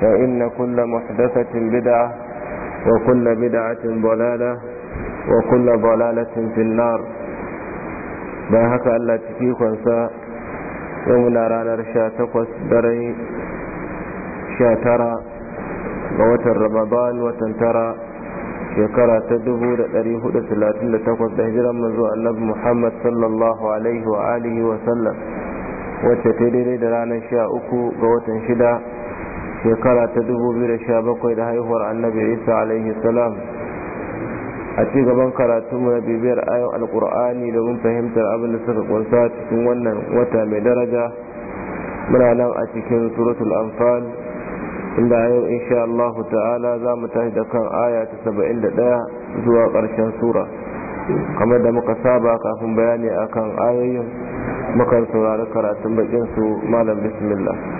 فإن كل محدثة بدعة وكل بدعة ضلالة وكل ضلالة في النار ما هكا ألا تكيك وانسى يومنا رانا رشاتك وسدري شاترا ووتر رمضان وتنترى shekara ta dubu da da da talatin takwas hijira manzo annabi Muhammad sallallahu alaihi wa alihi wa sallam wacce ta daidai da ranar sha uku ga watan shida shekara ta dubu biyu da sha bakwai da haihuwar annabi isa alaihi salam a ci gaban karatunmu na bibiyar ayon alkur'ani domin fahimtar abin da suka kunsa cikin wannan wata mai daraja muna nan a cikin suratul anfal inda yau insha Allah ta'ala za mu tashi da kan aya ta saba'in da ɗaya zuwa ƙarshen sura kamar da muka saba kafin bayani akan ayoyin mukan saurari karatun bakin su malam bismillah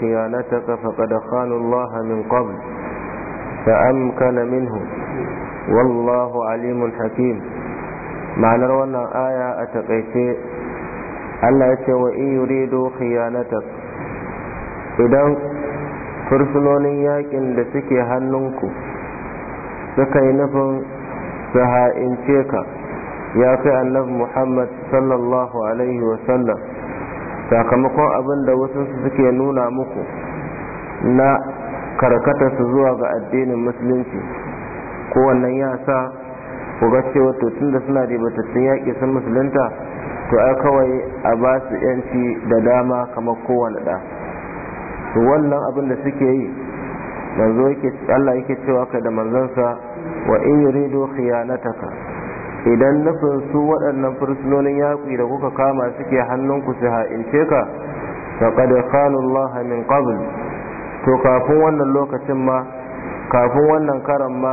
خيانتك فقد خانوا الله من قبل فأمكن منه والله عليم حكيم معنى روانا آية أتقيتي Allah ya ce wa in yurido khiyanatak idan fursunonin yaƙin da suke hannunku suka yi nufin su ka ya kai annabi Muhammad sallallahu alaihi sakamakon abin da wasu suke nuna muku na karkatarsu zuwa ga addinin musulunci ko wannan ya sa ku ga cewa to tunda suna da batattun yaƙi sun musulunta to ai kawai a ba su yanci da dama kamar kowane ɗa to wannan abin da suke yi manzo yake Allah yake cewa kai da manzansa wa in yuridu khiyanataka idan nufin su waɗannan fursunonin yaƙi da kuka kama suke hannunku su ha'ince ka da khanu Allah min qabl to kafin wannan lokacin ma kafin wannan karan ma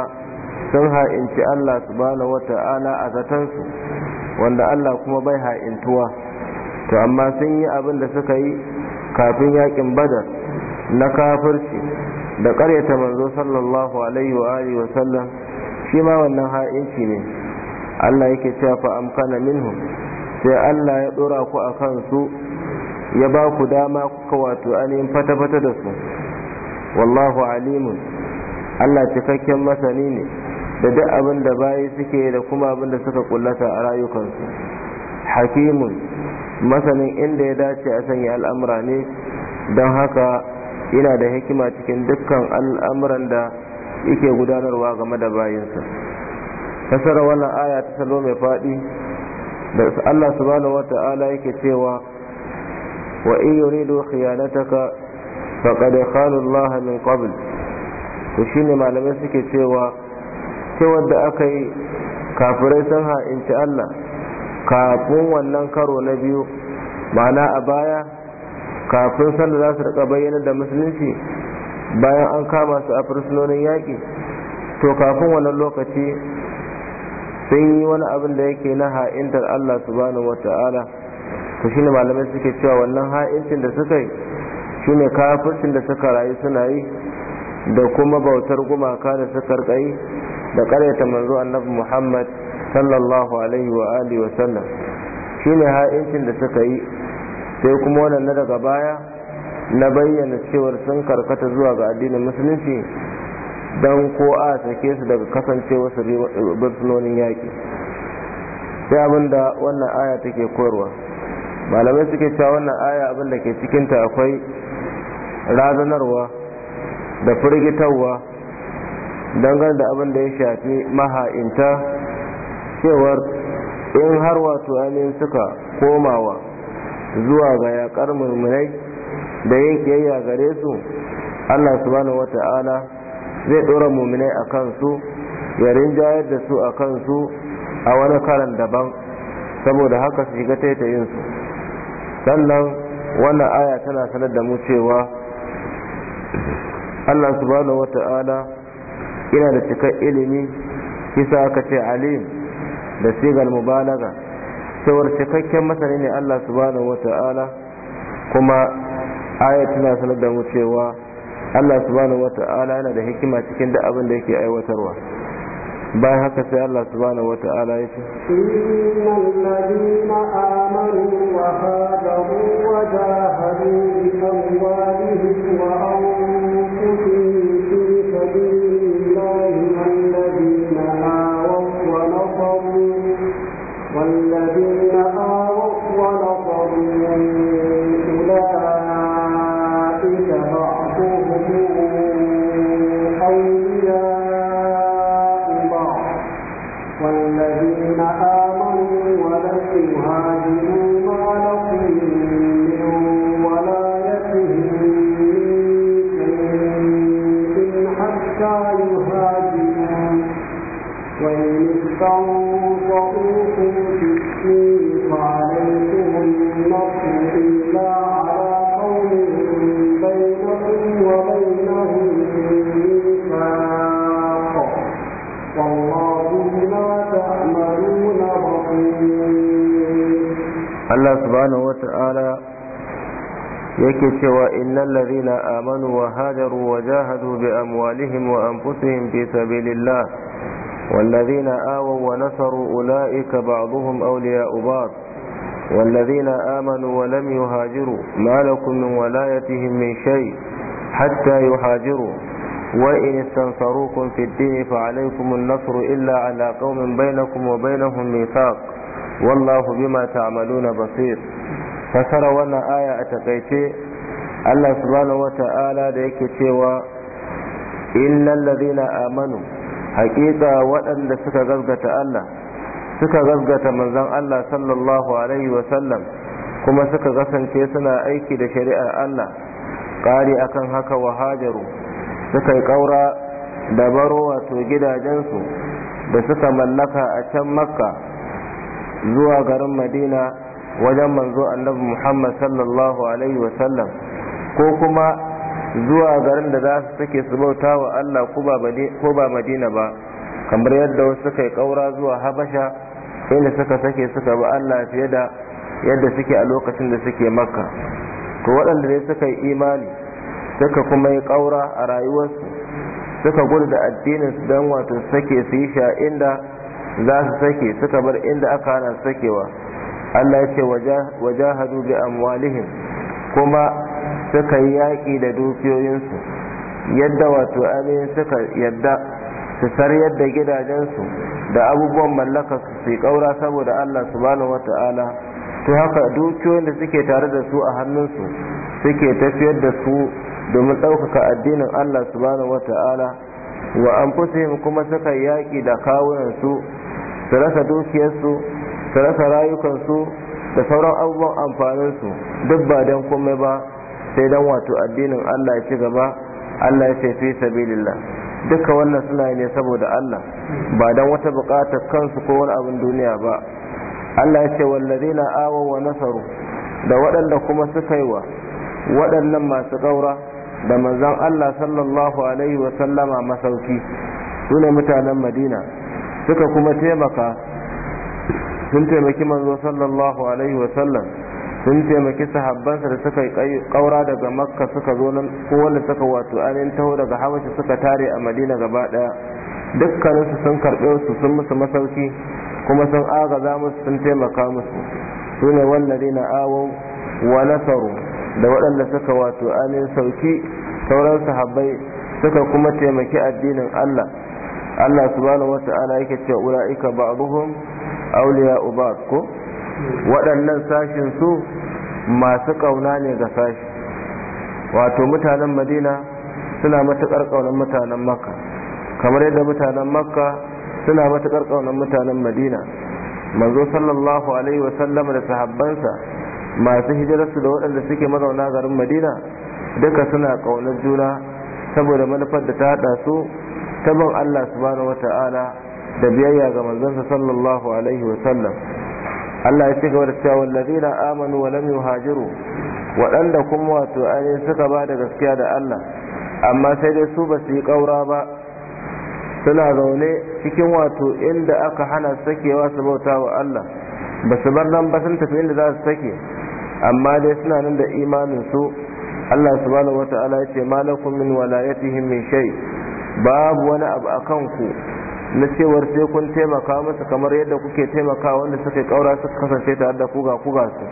sun ha'inci Allah su wata wata'ala a zatansu wanda Allah kuma bai ha'intuwa to amma sun yi abin da suka yi kafin yaƙin badar na kafirci da ƙaryata manzo sallallahu alaihi wa alihi wa sallam shi ma wannan ha'inci ne Allah yake cewa fa amkana minhum sai Allah ya dora ku a kansu ya ba ku dama kuka wato ainihin fata-fata da su wallahu alimun Allah cikakken masani ne da duk abin da bayi suke da kuma abin da suka kullata a rayukansu hakimun masanin inda ya dace a sanya al'amura ne don haka yana da hikima cikin dukkan al'amuran da yake gudanarwa game da bayinsa. kasara wannan aya ta salo mai faɗi da Allah subhanahu ta'ala yake cewa wa in yuridu khiyanataka faqad khala Allah min qabl to shine malamai suke cewa cewa da aka yi kafirai sun ha'inci Allah kafin wannan karo na biyu ma'ana a baya kafin sanda za su rika bayyana da musulunci bayan an kama su a fursunonin yaƙi to kafin wannan lokaci sun yi wani abin da yake na ha'intar Allah subhanahu wata'ala to ne malamai suke cewa wannan ha'incin da suka yi shi ne kafircin da suka rayu suna yi da kuma bautar gumaka da suka rika yi da karyata manzo annabi Muhammad sallallahu alaihi wa alihi wa sallam ne ha'incin da suka yi sai kuma wannan na daga baya na bayyana cewar sun karkata zuwa ga addinin musulunci don ko a sake su daga kasancewa su birtunonin yaƙi sai abin da wannan aya take koyarwa malamai suke cewa wannan aya abin da ke cikinta akwai razanarwa da firgitarwa dangane da abin da ya shafi maha'inta cewar in har wato ainihin suka komawa zuwa ga yaƙar murmurai da yin kiyayya gare su allah subhanahu ta'ala zai dora muminai a kansu ya rinjayar da su a kansu a wani karan daban saboda haka su shiga taitayinsu sannan wannan aya tana sanar da mu cewa Allah subhanahu wata'ala yana da cikar ilimi kisa aka ce alim da sigar mubalaga cewar cikakken masani ne Allah subhanahu wata'ala kuma aya tana sanar da mu cewa Allah subhanahu ta'ala yana da hikima cikin da abin da yake aiwatarwa bayan haka sai Allah subhanahu ta'ala ya ce أنفسهم في سبيل الله والذين آووا ونصروا أولئك بعضهم أولياء بعض والذين آمنوا ولم يهاجروا ما لكم من ولايتهم من شيء حتى يهاجروا وإن استنصروكم في الدين فعليكم النصر إلا على قوم بينكم وبينهم ميثاق والله بما تعملون بصير فسروا أن آية a الله سبحانه وتعالى wata'ala illal na amanu haƙiƙa waɗanda suka gazgata Allah suka gazgata manzon Allah sallallahu alaihi wa sallam kuma suka kasance suna aiki da shari'ar Allah ƙari akan haka wa hajaru suka yi ƙaura da baro wato gidajensu da suka mallaka a can makka zuwa garin madina wajen manzo annabi muhammad sallallahu alaihi wa sallam ko kuma zuwa garin da za su sake su bauta wa Allah ko ba madina ba kamar yadda wasu suka yi kaura zuwa habasha inda suka sake suka ba Allah fiye da yadda suke a lokacin da suke makka to waɗanda dai suka yi imani suka kuma yi kaura a rayuwarsu suka gudu da addinin su don wato sake su yi sha inda za su sake suka bar inda aka hana sakewa Allah ya ce wajahadu bi amwalihim kuma suka yi yaƙi da dukiyoyinsu yadda wato ainihin suka yadda su sar yadda gidajensu da abubuwan mallaka su yi ƙaura saboda Allah subhanahu wata'ala to haka dukiyoyin da suke tare da su a hannunsu suke tafiyar da su domin ɗaukaka addinin Allah subhanahu wata'ala wa anfusihim kuma suka yaƙi da kawunansu su rasa dukiyarsu su rasa rayukansu da sauran abubuwan amfaninsu duk ba don komai ba sai dan wato addinin Allah ya ci gaba Allah ya ce fi sabilillah duka wannan suna ne saboda Allah ba dan wata bukatar kansu ko wani abin duniya ba Allah ya ce na awa wa nasaru da waɗanda kuma suka yi wa waɗannan masu ƙaura da manzon Allah sallallahu alaihi wa sallama masauki sune mutanen Madina suka kuma taimaka sun taimaki manzo sallallahu alaihi wa sallam sun taimaki sahabbansa da suka kaura daga makka suka zo nan ko wanda suka wato anin taho daga habashi suka tare a madina gaba daya dukkaninsu sun karɓe su sun musu masauki kuma sun agaza musu sun taimaka musu su ne wallari na awon wa nasaru da waɗanda suka wato anin sauki sauran sahabbai suka kuma taimaki addinin allah allah subhanahu ana yake cewa ula'ika ba'duhum awliya'u ba'd ko waɗannan sashin su masu ƙauna ne ga sashi wato mutanen madina suna matuƙar ƙaunar mutanen makka kamar yadda mutanen makka suna matuƙar ƙaunar mutanen madina manzo sallallahu alaihi wa sallam da sahabbansa masu hijirarsu da waɗanda suke mazauna garin madina duka suna ƙaunar juna saboda manufar da ta haɗa su ta ban allah subhanahu ta'ala da biyayya ga manzansa sallallahu alaihi wa sallam. Allah ya ci gaba da cewa wallazina amanu wa lam yuhajiru waɗanda kuma wato ai suka ba da gaskiya da Allah amma sai dai su ba su yi ƙaura ba suna zaune cikin wato inda aka hana sakewa su bauta wa Allah ba su bar nan ba sun tafi inda za su sake amma dai suna nan da imanin su Allah subhanahu wata'ala ya ce malakum min walayatihim min shay babu wani abu akan ku na cewar sai kun taimaka masa kamar yadda kuke taimaka wanda suka kaura suka kasance tare da kuga kuga su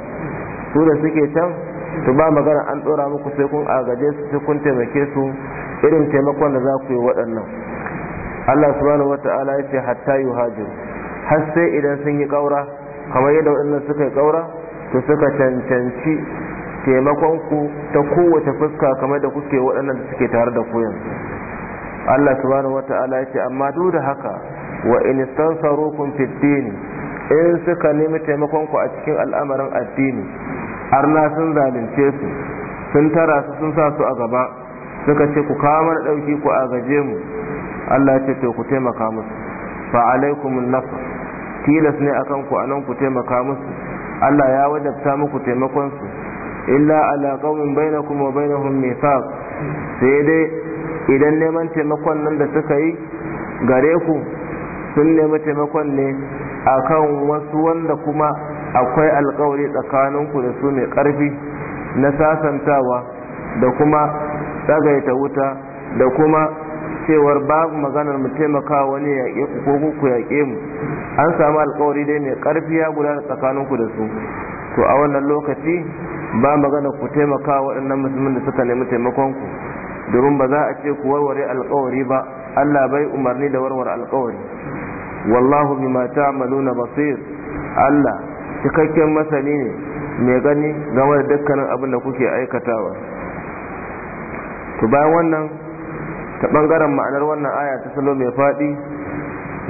su da suke can to ba magana an dora muku sai kun agaje su sai kun taimake su irin taimakon da za ku yi waɗannan Allah subhanahu wata'ala ya ce hatta yuhajiru har sai idan sun yi kaura kamar yadda waɗannan suka yi kaura to suka cancanci taimakon ku ta kowace fuska kamar da kuke waɗannan da suke tare da ku yanzu Allah subhanahu wata'ala ya ce amma duk da haka wa in istansarukum fi din in suka nemi taimakon ku a cikin al'amarin addini arna sun zalunce su sun tara su sun sa su a gaba suka ce ku kama mana dauki ku a gaje mu Allah ce to ku taimaka musu fa an nasr tilas ne akan ku anan ku taimaka musu Allah ya wajabta muku taimakon su illa ala qawmin bainakum wa bainahum mithaq sai dai idan neman taimakon nan da suka yi gare ku sun nemi taimakon ne a kan wasu wanda kuma akwai alkawari tsakaninku da su mai ƙarfi na sasantawa da kuma tsagaita wuta da kuma cewar babu maganar mu taimaka wani yaƙe ku ko ku yaƙe mu an samu alkawari dai mai ƙarfi ya gudana tsakaninku da su to a wannan lokaci ba magana ku taimaka waɗannan musulmin da suka nemi taimakon ku domin ba za a ce ku warware alkawari ba Allah bai umarni da warware alkawari wallahu bima ta'maluna basir Allah cikakken masani ne mai gani game da dukkanin abin da kuke aikatawa to bayan wannan ta bangaren ma'anar wannan aya ta salo mai faɗi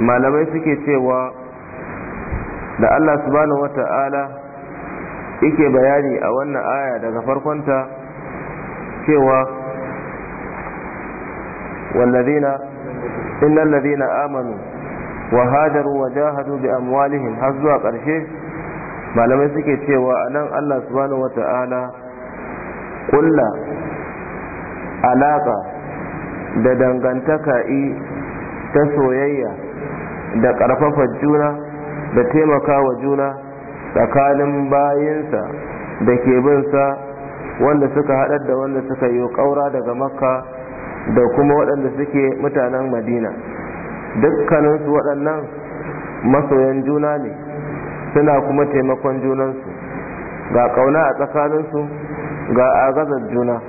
malamai suke cewa da Allah subhanahu wata'ala yake bayani a wannan aya daga farkonta cewa والذين إن الذين آمنوا وهاجروا وجاهدوا بأموالهم هزوا قرشه ما لم cewa, شيء nan الله سبحانه وتعالى قل علاقة da dangantaka i ta soyayya da ƙarfafa juna da taimaka wa juna tsakanin bayinsa da ke bin sa wanda suka haɗar da wanda suka yi ƙaura daga makka da kuma waɗanda suke mutanen madina dukkaninsu waɗannan masoyan juna ne suna kuma taimakon junansu ga ƙauna a tsakaninsu ga agazar juna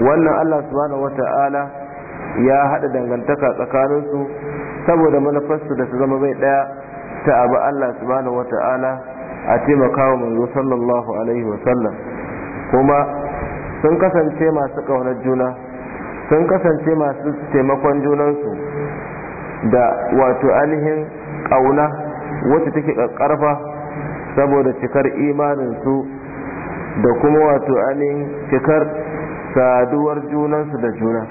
wannan allah subhanahu wata'ala ya haɗa dangantaka tsakaninsu saboda manufarsu da su zama bai ɗaya ta abu allah subhanahu wata'ala a taimakawa manzo sallallahu alaihi wasallam kuma sun kasance masu ƙaunar juna sun kasance masu taimakon junansu da wato ainihin ƙauna wacce take ƙarfa saboda cikar imaninsu da kuma wato ainihin cikar saduwar junansu da juna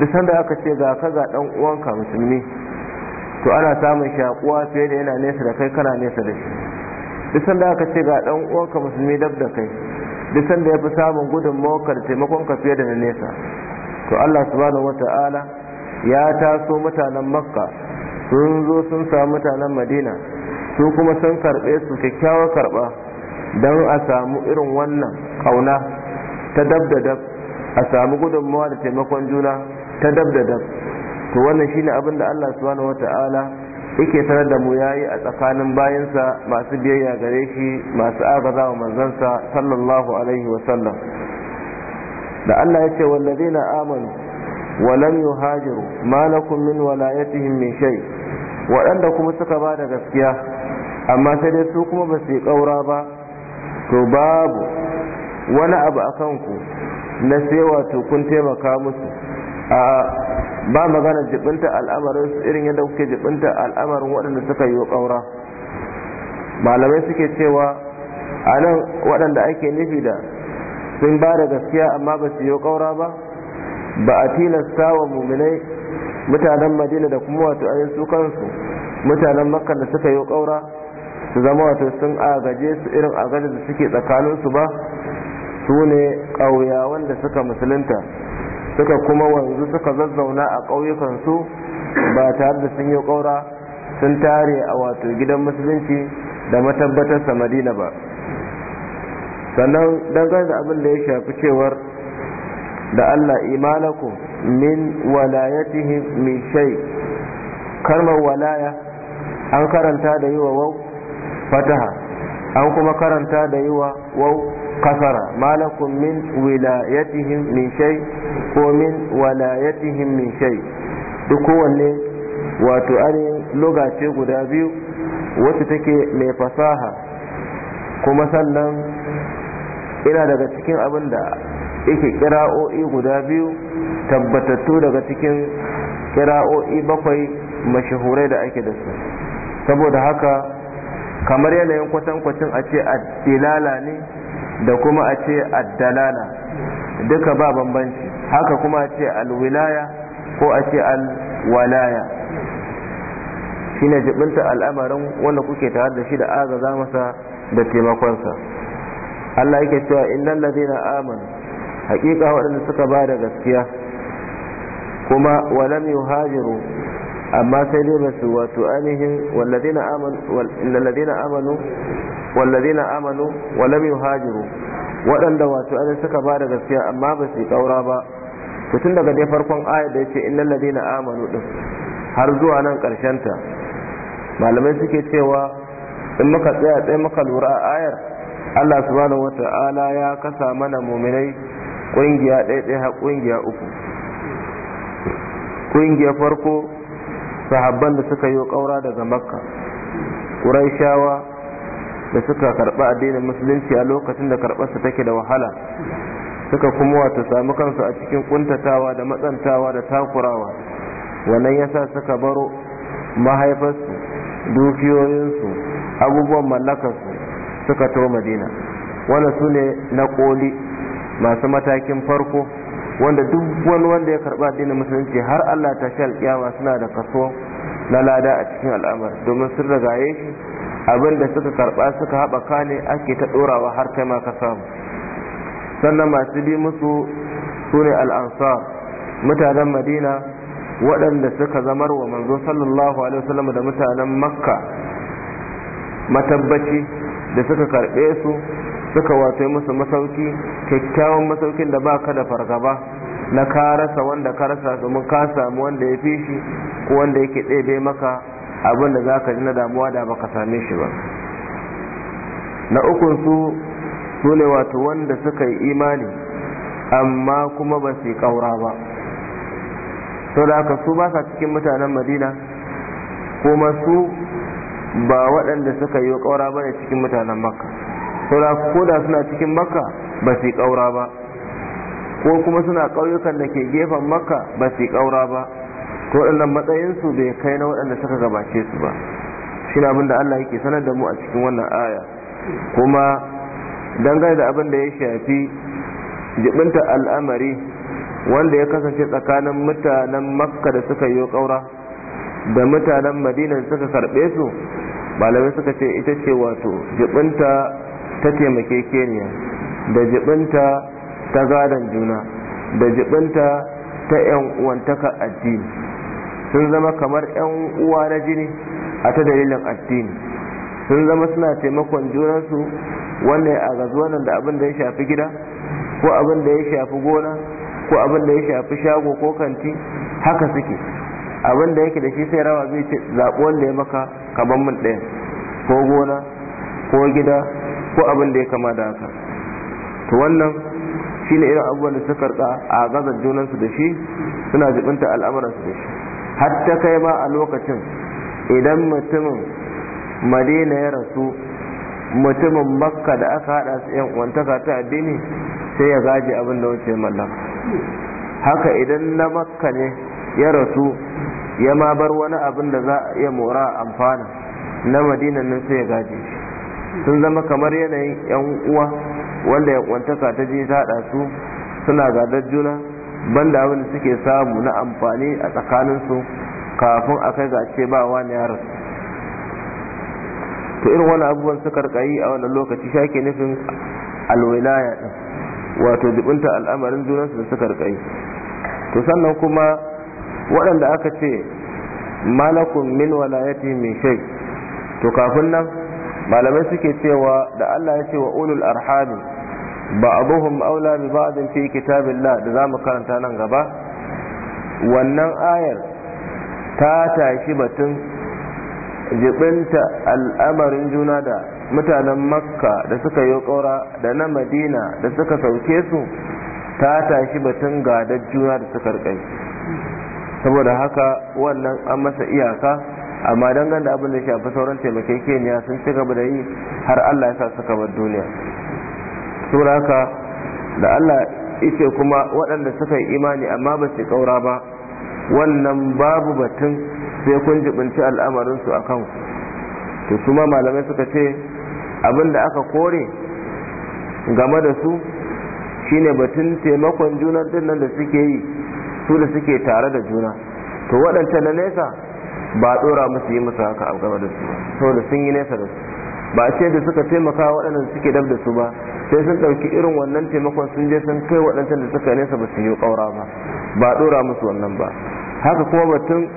duk sanda aka ce ga ka ga ɗan uwanka musulmi to ana samun shakuwa fiye da yana nesa da kai kana nesa da shi duk sanda aka ce ga ɗan uwanka musulmi dab da kai duk sanda ya fi samun gudun mawakar taimakon ka fiye da na nesa to Allah subhanahu wata'ala ya taso mutanen makka sun zo sun samu mutanen madina su kuma sun karɓe su kyakkyawar karba don a samu irin wannan kauna ta dab da dab a samu gudunmawa da taimakon juna ta dab da dab to wannan shine abin da Allah subhanahu wata'ala yake sanar da mu yayi a tsakanin bayansa masu biyayya gare shi masu agazawa wa manzansa sallallahu alaihi wa sallam da Allah ya ce na amanu wa lam yuhajiru ma lakum min walayatihim min shay waɗanda kuma suka ba da gaskiya amma sai dai su kuma ba su yi ƙaura ba to babu wani abu a kanku na sai wato kun taimaka musu a ba magana jibinta al'amarin su irin yadda kuke jibinta al'amarin waɗanda suka yi ƙaura malamai suke cewa a nan waɗanda ake nufi da sun ba da gaskiya amma ba su yi ƙaura ba ba a tilasta wa muminai mutanen madina da kuma wato ayin su kansu mutanen makka da suka yi ƙaura su zama wato sun agaje su irin agaje da suke tsakaninsu ba su ne ƙauyawan da suka musulunta suka kuma wanzu suka zazzauna a ƙauyukansu ba tare da sun yi ƙaura sun tare a wato gidan musulunci da matabbatar sa madina ba sannan dangane da abin da ya shafi cewar da Allah imanaku min walayatihi min shay kalmar walaya an karanta da yi wa wau fataha an kuma karanta da yi wa wau kasara malakum min wilayatihim min shay ko min walayatihim min shay duk kowanne wato yi lugace guda biyu wacce take mai fasaha kuma sannan ina daga cikin abin da yake kira'o'i guda biyu tabbatattu daga cikin kira'o'i bakwai mashahurai da ake da su saboda haka kamar yanayin kwatankwacin a ce addilala ne da kuma a ce addalala duka ba bambanci haka kuma a ce alwilaya ko a ce alwalaya shine jibinta al'amarin wanda kuke tare da shi da za masa da taimakonsa Allah yake cewa innal ladina amanu haƙiƙa waɗanda suka ba da gaskiya kuma walam yuhajiru amma sai dai basu wato ainihin walladina amanu ladina amanu walladina amanu walam yuhajiru waɗanda wato ainihin suka ba da gaskiya amma ba su ƙaura ba to tun daga dai farkon ayar da yace innal ladina amanu din har zuwa nan karshen ta malamai suke cewa in muka tsaya tsaye muka lura a ayar Allah subhanahu wata'ala ya kasa mana muminai kungiya ɗaiɗaya ha kungiya uku kungiya farko sahabban da suka yi ƙaura daga makka ƙuraishawa da suka karɓi addinin musulunci a lokacin da karɓarsa take da wahala suka kuma wata sami kansu a cikin kuntatawa da matsantawa da takurawa wannan yasa suka baro mahaifarsu dukiyoyinsu abubuwan mallakarsu suka to madina wanda su ne na koli masu matakin farko wanda duk wani wanda ya karba addinin musulunci har Allah ta shi alƙiyama suna da kaso na lada a cikin al'amari domin sun ragaye shi abinda da suka karba suka haɓaka ne ake ta ɗorawa har kai ma ka samu sannan masu bi musu su ne al'ansar mutanen madina waɗanda suka zamar wa manzo sallallahu alaihi wasallam da mutanen makka matabbaci da suka karbe su suka wato musu masauki kyakkyawan masaukin da ba ka da fargaba na karasa wanda ka rasa domin ka samu wanda ya fi shi ko wanda yake ɗebe maka abin da za ka ji na damuwa da baka same shi ba na ukun su su ne wato wanda suka yi imani amma kuma ba su yi ƙaura ba sau da haka su ba sa cikin mutanen madina kuma su ba waɗanda suka yi ƙaura ba ne cikin mutanen makka saura ko da suna cikin makka ba su yi ƙaura ba ko kuma suna ƙauyukan da ke gefen makka ba su yi ƙaura ba to waɗannan matsayinsu bai kai na waɗanda suka gabace su ba shi na abin da allah yake sanar da mu a cikin wannan aya kuma dangane da abin da ya shafi jibinta al'amari wanda ya kasance tsakanin mutanen makka da suka yi ƙaura da mutanen madina suka karɓe su malamai suka ce ita ce wato jibinta ta taimake keniya da jibinta ta gadon juna da jibinta ta 'yan uwantaka addini sun zama kamar 'yan uwa na jini a ta dalilin addini sun zama suna taimakon junansu wannan a gazuwanan da abin da ya shafi gida ko abin da ya shafi gona ko abin da ya shafi shago ko kanti haka suke abin da yake da shi sai rawa zai ce zaɓi wanda ya maka ka ban min ɗaya ko gona ko gida ko abin da ya kama da haka to wannan shi ne irin abubuwan da suka karɓa a gazar junansu da shi suna jibinta al'amuransu da shi ta kai ma a lokacin idan mutumin madina ya rasu mutumin makka da aka haɗa su yan uwantaka ta addini sai ya gaji abin da wuce mallaka haka idan na makka ne ya rasu ya ma bar wani abin da za a iya mora amfana na madinan nan sai ya gaje sun zama kamar yanayin yan uwa wanda yankwantaka ta je ta haɗa su suna gadar juna ban da abin da suke samu na amfani a tsakaninsu kafin a kai ga ce ba wani yaron to irin wani abubuwan suka rikayi a wannan lokaci shake nufin alwilaya wato jibinta al'amarin junansu da suka rikayi to sannan kuma waɗanda aka ce malakun min walayati min shai, to kafin nan malamai suke cewa da Allah ya ce wa ulul arhami ba abuhum aula bi ba'din fi kitabillah da zamu karanta nan gaba wannan ayar ta tashi batun jibinta al'amarin juna da mutanen makka da suka yi ƙora da na madina da suka sauke su ta tashi batun gadar juna da suka rikai saboda haka wannan an masa iyaka amma don da abin da shafi sauran taimakekeniya sun ci gaba da yi har Allah ya sa suka bar duniya saboda haka da Allah ike kuma waɗanda suka yi imani amma ba su kaura ba wannan babu batun sai kun jibinci al'amarinsu su akan to kuma malamai suka ce abin da aka kore game da su shine batun taimakon junar dinnan da suke yi su da suke tare da juna to waɗanta na nesa ba ɗora musu yi musu haka a gaba da su saboda sun yi nesa da su ba ce da suka taimaka waɗanda suke dab da su ba sai sun ɗauki irin wannan taimakon sun je sun kai waɗancan da suka nesa ba su yi ƙaura ba ba ɗora musu wannan ba haka kuma batun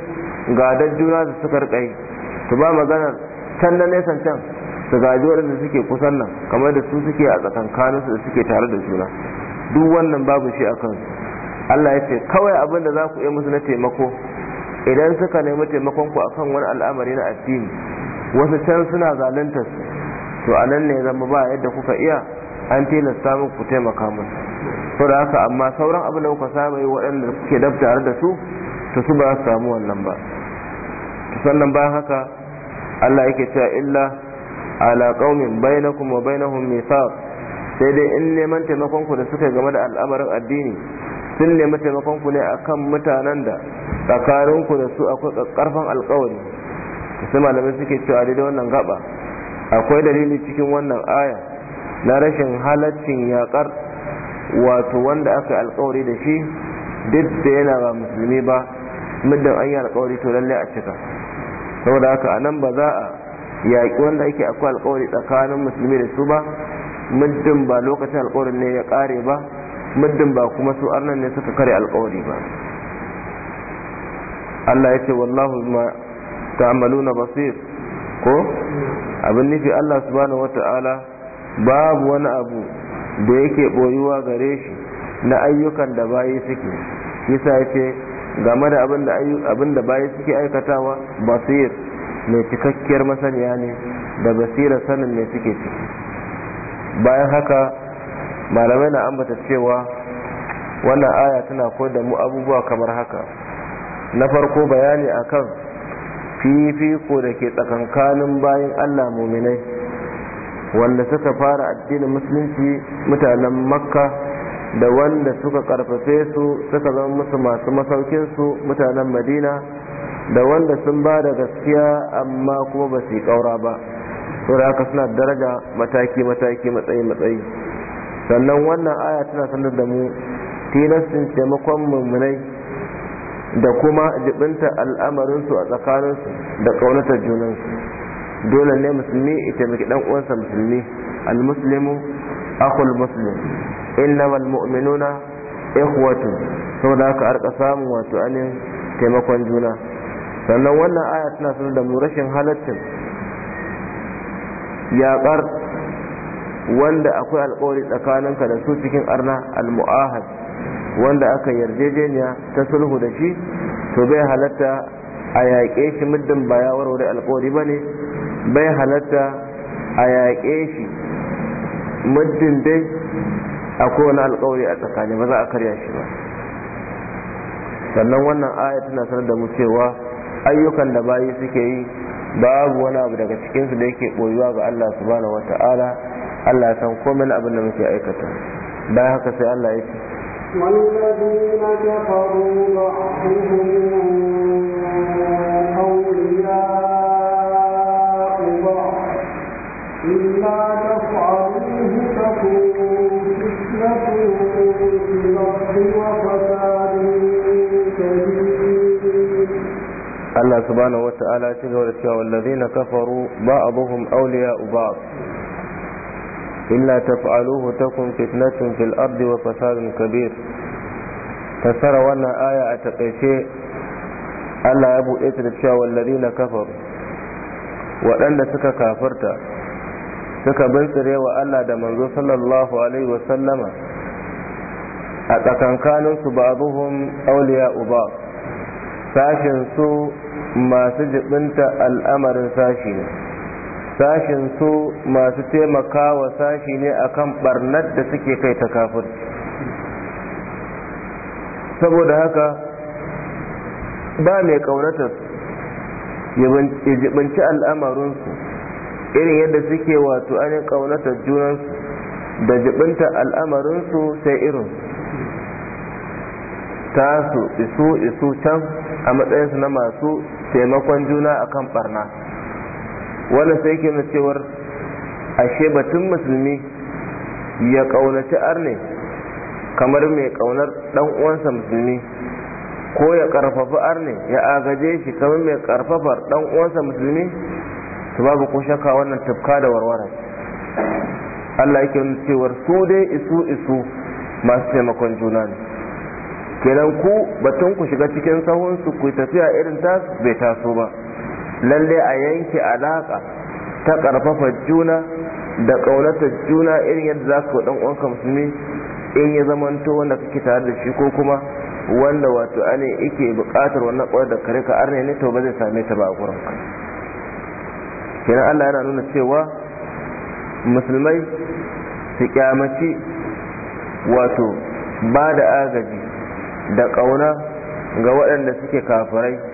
gadar juna da suka rikai to ba magana can da nesan can su gaji waɗanda suke kusan nan kamar da su suke a tsakankaninsu da suke tare da juna duk wannan babu shi a kansu Allah ya ce kawai abin da za ku iya musu na taimako idan suka nemi taimakon ku akan wani al'amari na addini wasu can suna zaluntar su to a nan ne zama ba yadda kuka iya an tilasta muku ku taimaka musu to da haka amma sauran abin da kuka saba yi waɗanda kuke dab tare da su to su ba su samu wannan ba to sannan bayan haka Allah yake cewa illa ala qaumin bainakum wa bainahum mithaq sai dai in neman taimakon ku da suka game da al'amarin addini sun nemi taimakon ku ne akan mutanen da tsakaninku ku da su akwai karfan alkawari su malamai suke cewa da wannan gaba akwai dalili cikin wannan aya na rashin halaccin yakar wato wanda aka yi alkawari da shi duk da yana ba musulmi ba muddin an yi alkawari to lallai a cika saboda haka a nan ba za a yaƙi wanda ake akwai alkawari tsakanin musulmi da su ba muddin ba lokacin alkawarin ne ya ƙare ba muddin ba kuma su arnan ne suka kare alkawari ba Allah ya wallahu ma ta'maluna basir ko abin nufi Allah subhanahu wata'ala babu wani abu da yake boyuwa gare shi na ayyukan da bayi suke yasa yace game da abin da abin da bayi suke aikatawa basir mai cikakkiyar masaniya ne da basira sanin mai suke ciki bayan haka malamai na ambata cewa wannan aya tana koyar da mu abubuwa kamar haka na farko bayani akan fifiko da ke tsakankanin bayan allah muminai wanda suka fara addinin musulunci mutanen makka da wanda suka karfafe su suka zama musu masu masaukinsu mutanen madina da wanda sun ba da gaskiya amma kuma ba su yi ƙaura ba saboda haka suna daraja mataki-mataki matsayi-matsayi sannan wannan aya tana sanar da mu tilastin taimakon mummunai da kuma jibinta al'amarinsu a tsakaninsu da ƙaunatar junansu dole ne musulmi ya taimaki dan uwansa musulmi almuslimu akhul muslim innamal mu'minuna ikhwatu saboda haka arka samun wato anin taimakon juna sannan wannan aya tana sanar da mu rashin halaccin yaƙar wanda akwai alkawari tsakaninka da su cikin arna almu'ahad wanda aka yarjejeniya ta sulhu da shi to bai halatta a yaƙe shi muddin ba ya warware alkawari ba ne bai halatta a yaƙe shi muddin dai akwai wani alkawari a tsakani ba za a karya shi ba sannan wannan aya tana sanar da mu cewa ayyukan da bayi suke yi babu wani abu daga cikinsu da yake ɓoyuwa ga Allah subhanahu ta'ala Allah ya san komai na abin da muke aikata bayan haka sai Allah ya ce والذين كفروا بعضهم أولياء بعض إلا تفعلوه تكون فتنة في الأرض وفساد Allah subhanahu wa ta'ala ya ci gaba da cewa wallazina kafaru ba'dhum awliya'u ba'd إلا تفعلوه تكن فتنة في الأرض وفساد كبير فسر وانا آية أتقيشي ألا أبو إترشا والذين كفروا waɗanda suka kafarta suka bintsire wa Allah da manzo sallallahu alaihi wa sallama a tsakankaninsu ba'duhum auliya uba Sashen su masu jibinta al'amarin sashi ne sashin su masu taimaka wa sashi ne akan barnar da suke kai ta kafin, saboda haka ba mai ƙaunatar jibinci al'amarinsu irin yadda suke wato anin ƙaunatar junansu da jibinta al'amarinsu sai irin Ta su isu isu can a matsayinsu na masu taimakon juna akan barna wanda sai yake na cewar ashe batun musulmi ya ƙaunaci arne kamar mai ƙaunar ɗan uwansa musulmi ko ya ƙarfafa arne ya agaje shi kamar mai ƙarfafar ɗan uwansa musulmi su babu ko shaka wannan tafka da warware. Allah yake nuna cewar su dai isu isu masu taimakon juna ne kenan ku batun ku shiga cikin su ku tafiya irin tasu bai taso ba lalle a yanke alaƙa ta ƙarfafa juna da ƙaunatar juna irin yadda za ka ɗan uwanka musulmi in ya zamanto wanda kake tare da shi ko kuma wanda wato ane yake buƙatar wannan ƙwar da kare ka arne ne to ba zai same ta ba gurin ka kenan Allah yana nuna cewa musulmai su kyamaci wato ba da agaji da ƙauna ga waɗanda suke kafirai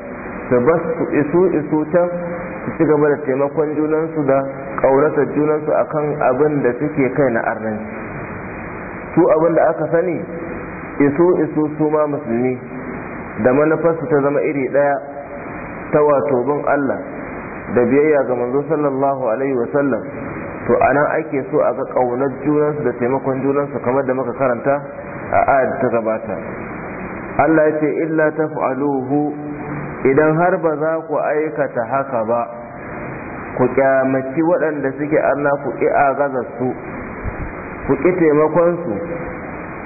su ba su isu isu can su ci gaba da taimakon junansu da ƙaunatar junansu a kan abin da suke kai na arnanci su abin da aka sani isu isu su ma musulmi da manufarsu ta zama iri ɗaya ta wato bin Allah da biyayya ga manzo sallallahu alaihi wa sallam, to anan ake so a ga ƙaunar junansu da taimakon junansu kamar da muka karanta a ayar ta gabata Allah ya ce illa taf'aluhu idan har ba za ku aikata haka ba ku kyamaci waɗanda suke Allah ku ƙi a su ku ƙi taimakonsu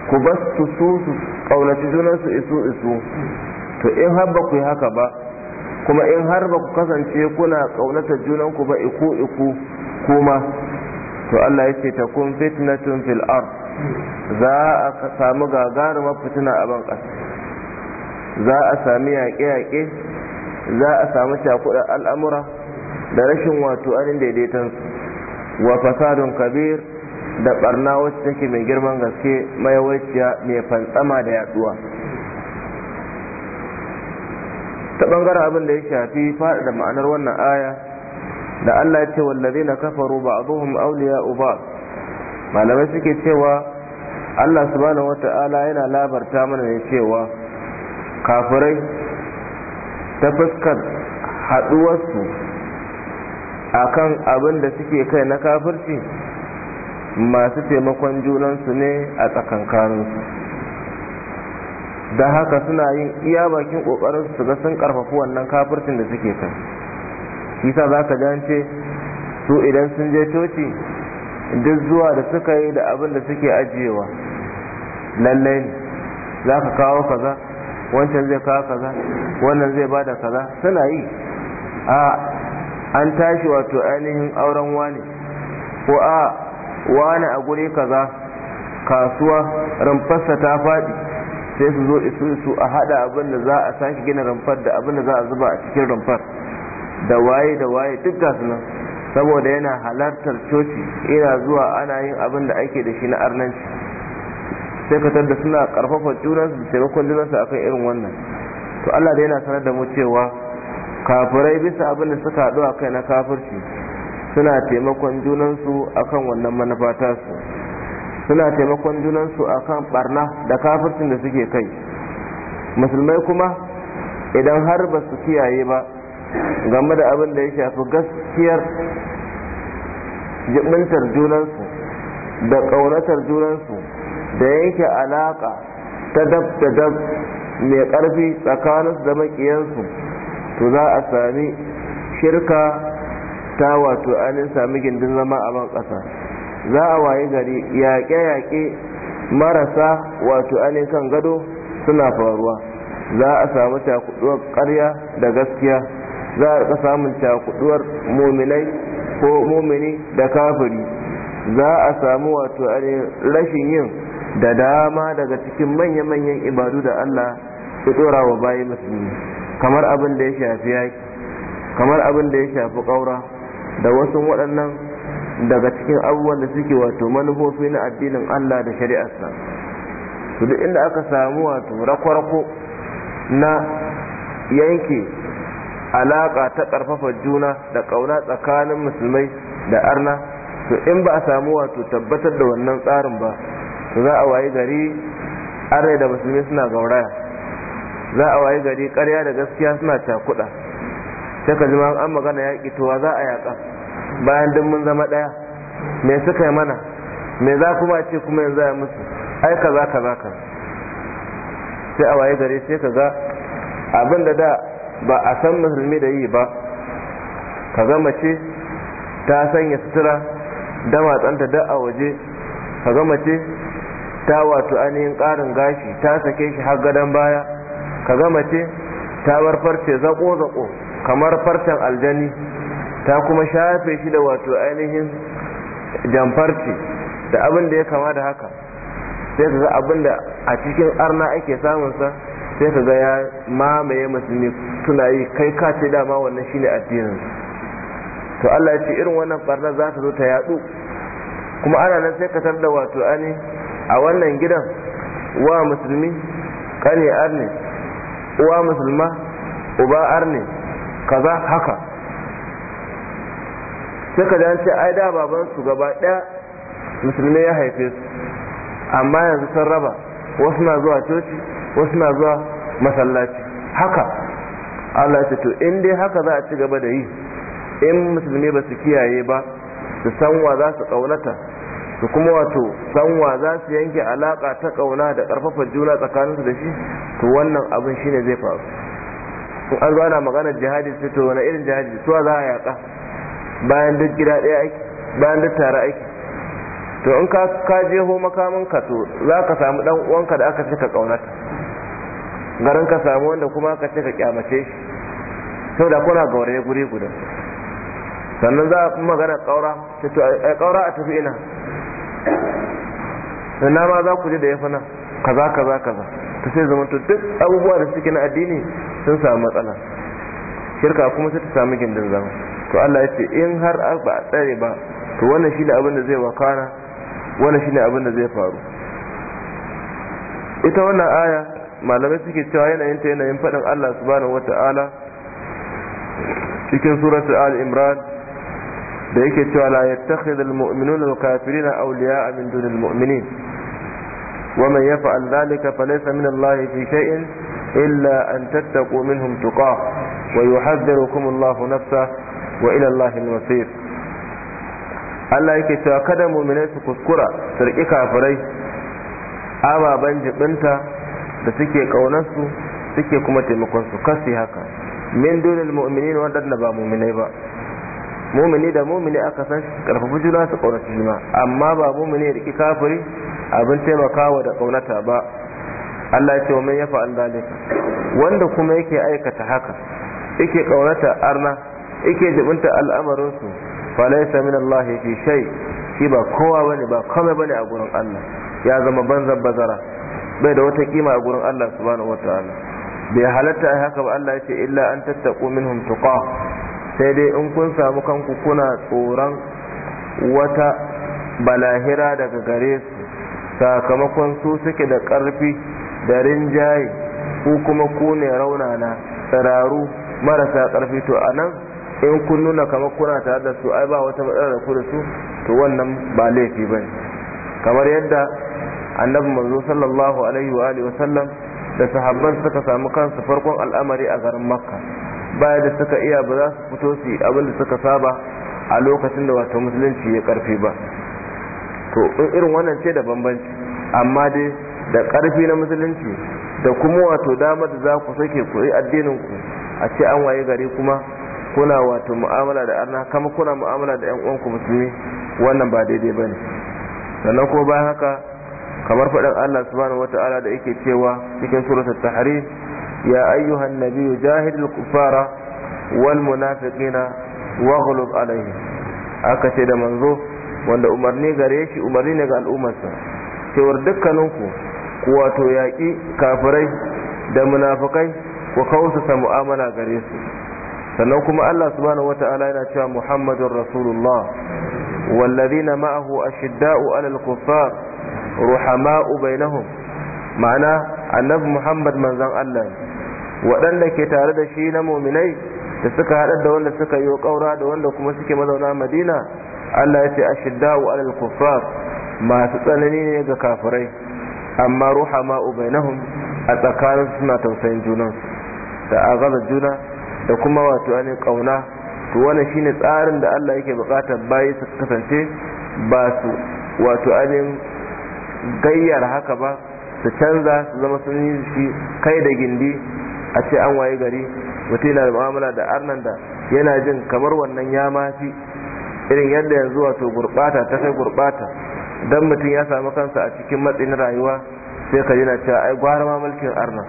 ku ba su su su ƙaunaci junansu isu isu to in har ba ku yi haka ba kuma in har ba ku kasance kuna ƙaunata junanku ba iku iku kuma to Allah ya ta kun fitnatun fil ard za a samu gagarumar fitina a ban ƙasa za a sami yaƙe-yaƙe za a sami cakuɗa al'amura da rashin wato anin daidaitansu wa fasadun kabir da ɓarna wacce take mai girman gaske mai mayawaiciya mai fantsama da yaduwa ta ɓangaren abin da ya shafi faɗa da ma'anar wannan aya da Allah ya ce wallazi na kafaru ba abuhum auliya uba malamai suke cewa Allah subhanahu wata'ala yana labarta mana ne cewa kafirai ta fuskar haɗuwarsu a kan abin da suke kai na kafirci masu taimakon junansu ne a tsakankaninsu da haka suna yin iya bakin ƙoƙarinsu su ga sun ƙarfafi wannan kafircin da suke kai isa za ka jance su idan sun je coci duk zuwa da suka yi da abin da suke ajiyewa lallai za ka kawo kaza wancan zai kawo kaza wannan zai bada kaza suna yi a an tashi wato ainihin auren wani ko a wani a guri kaza kasuwa rumfarsa ta faɗi sai su zo isu su a haɗa abin da za a sake gina rumfar da abin da za a zuba a cikin rumfar da waye da waye duk gasu nan saboda yana halartar coci ina zuwa ana yin abin da ake da shi na arnanci sai ka tada suna karfafa junan su taimakon junansu su akan irin wannan to Allah da yana sanar da mu cewa kafirai bisa abin da suka haɗu akai na kafirci suna taimakon junansu akan wannan manufa su suna taimakon junansu akan barna da kafircin da suke kai musulmai kuma idan har ba su kiyaye ba game da abin da ya shafi gaskiyar jibintar junansu da ƙaunatar junansu da yake alaka ta dab da dab mai ƙarfi tsakaninsu da maƙiyansu to za a sami shirka ta wato anin sami gindin zama a ban ƙasa za a waye gari yaƙe-yaƙe marasa wato anin kan gado suna faruwa za a samu takuduwar ƙarya da gaskiya za a samun takuduwar muminai ko mumini da kafiri za a samu wato rashin yin da dama daga cikin manya-manyan ibadu da Allah su tsora wa bayi musulmi kamar abin da ya shafi yaki kamar abin da ya shafi ƙaura da wasu waɗannan daga cikin abubuwan da suke wato manufofi na addinin Allah da shari'arsa su duk inda aka samu wato rako na yanke alaƙa ta ƙarfafa juna da ƙauna tsakanin musulmai da arna to in ba a samu wato tabbatar da wannan tsarin ba to za a waye gari arai da musulmi suna gauraya za a waye gari ƙarya da gaskiya suna cakuɗa sai ka an magana yaƙi towa za a yaƙa bayan duk mun zama ɗaya me suka yi mana me za kuma ce kuma yanzu ya musu ai kaza za ka sai a waye gari sai ka ga abin da da ba a san musulmi da yi ba ka ga mace ta sanya sutura matsanta da a waje ka ga mace ta wato ainihin ƙarin gashi ta sake shi har gadon baya ka gama ce ta bar farce zaƙo-zaƙo kamar farcen aljani ta kuma shafe shi da wato ainihin jamfarci da abin da ya kama da haka sai ka ga abin da a cikin arna ake samunsa sai ka ga ya mamaye musulmi tuna kai ka ce dama wannan shine addinin to Allah ya ce irin wannan barna za ta zo ta yadu kuma ana nan sai ka tarda wato ainihin a wannan gidan wa musulmi kane arne uwa musulma uba arne kaza haka sai ka dace ai da baban su gaba daya musulmi ya haife su amma yanzu sun raba wasu na zuwa coci wasu na zuwa masallaci haka Allah ya ce to in dai haka za a ci gaba da yi in musulmi ba su kiyaye ba su san wa za su kaunata su kuma wato sanwa za su yanke alaka ta kauna da karfafa juna tsakaninsu da shi to wannan abin shine zai faru in an ana magana jihadi sai to wani irin jihadi suwa za a yaka bayan duk gida ɗaya aiki bayan duk tare aiki to in ka ka je ho makamin ka to za ka samu dan uwanka da aka ce ka kaunata garin ka samu wanda kuma aka ce ka kyamace shi saboda kuna gauraye guri guda sannan za a kuma magana kaura ta to kaura a tafi ina na ma za ku je da ya fana kaza kaza kaza ta sai zama to duk abubuwa da suke na addini sun samu matsala shirka kuma sai ta samu gindin zama to Allah ya ce in har ba a tsare ba to wannan shine abin da zai wakana wannan shine abin da zai faru ita wannan aya malamai suke cewa yanayin ta yanayin faɗin Allah subhanahu wata'ala cikin suratul al-imran da yake cewa la yattakhidhu almu'minuna alkafirina awliya'a min duni almu'minin wa man yaf'al dhalika falaysa min Allah fi shay'in illa an tattaqu minhum tuqah wa yuhadhdhirukum Allah nafsa wa ila Allah almasir Allah yake cewa kada mu'minai su kuskura su riƙi kafirai ababen jibinta da suke ƙaunarsu suke kuma taimakon su kasi haka min dunil mu'minin waɗanda ba mu'minai ba mumini da mumini aka san karfafi juna su kaunaci juna amma ba mumini da kafiri abin taimakawa da kaunata ba Allah ya ce wa ya fa'al dalika wanda kuma yake aikata haka yake kaunata arna yake jibinta al'amarin su laysa min Allah fi shay shi ba kowa bane ba kome bane a gurin Allah ya zama banzan bazara bai da wata kima a gurin Allah subhanahu wataala bai halatta haka ba Allah ya ce illa an tattaqu minhum tuqa sai dai in kun samu kanku kuna tsoron wata balahira daga gare su sakamakon su suke da ƙarfi da rinjaye ko kuma ku ne raunana tsiraru marasa ƙarfi to a nan in kun nuna kamar kuna tare da su ai ba wata matsala da ku da su to wannan ba laifi ba ne kamar yadda annabi manzo sallallahu alaihi wa alihi da sahabban suka samu kansu farkon al'amari a garin makka baya da suka iya ba za su fito su abin da suka saba a lokacin da wato musulunci ya karfi ba to in irin wannan ce da bambanci amma dai da karfi na musulunci da kuma wato damar da za ku sake ku yi addinin ku a ce an waye gari kuma kuna wato mu'amala da arna kama kuna mu'amala da yan uwanku musulmi wannan ba daidai ba ne sannan ko bayan haka kamar faɗin allah subhanahu wata'ala da yake cewa cikin suratul tahrim يا أيها النبي جاهد الكفار والمنافقين واغلب عليهم أكتد منذ wanda umarni gare shi umarni ne ga al'ummarsa cewar dukkaninku ku wato yaƙi kafirai da munafukai ku kawusa mu'amala gare su sannan kuma Allah subhanahu wata'ala yana cewa Muhammadun Rasulullah wallazina ma'ahu ashidda'u 'alal kuffar ruhama'u bainahum ma'ana annabi Muhammad manzon Allah waɗanda ke tare da shi na muminai da suka haɗar da wanda suka yi wa ƙaura da wanda kuma suke mazauna madina allah ya ce a shidda wa kuffar masu tsanani ne ga kafirai amma ruha ma ubainahum a tsakanin suna tausayin junan da a gaza juna da kuma wato ne ƙauna to wani shine tsarin da allah yake buƙatar bayi su kasance ba su wato ainihin gayyar haka ba su canza su zama sun yi shi kai da gindi a ce an waye gari mutum yana da mu'amala da arnan da yana jin kamar wannan ya mafi irin yadda yanzu wato gurbata ta kai gurbata dan mutum ya samu kansa a cikin matsin rayuwa sai ka yana cewa ai gwara ma mulkin arnan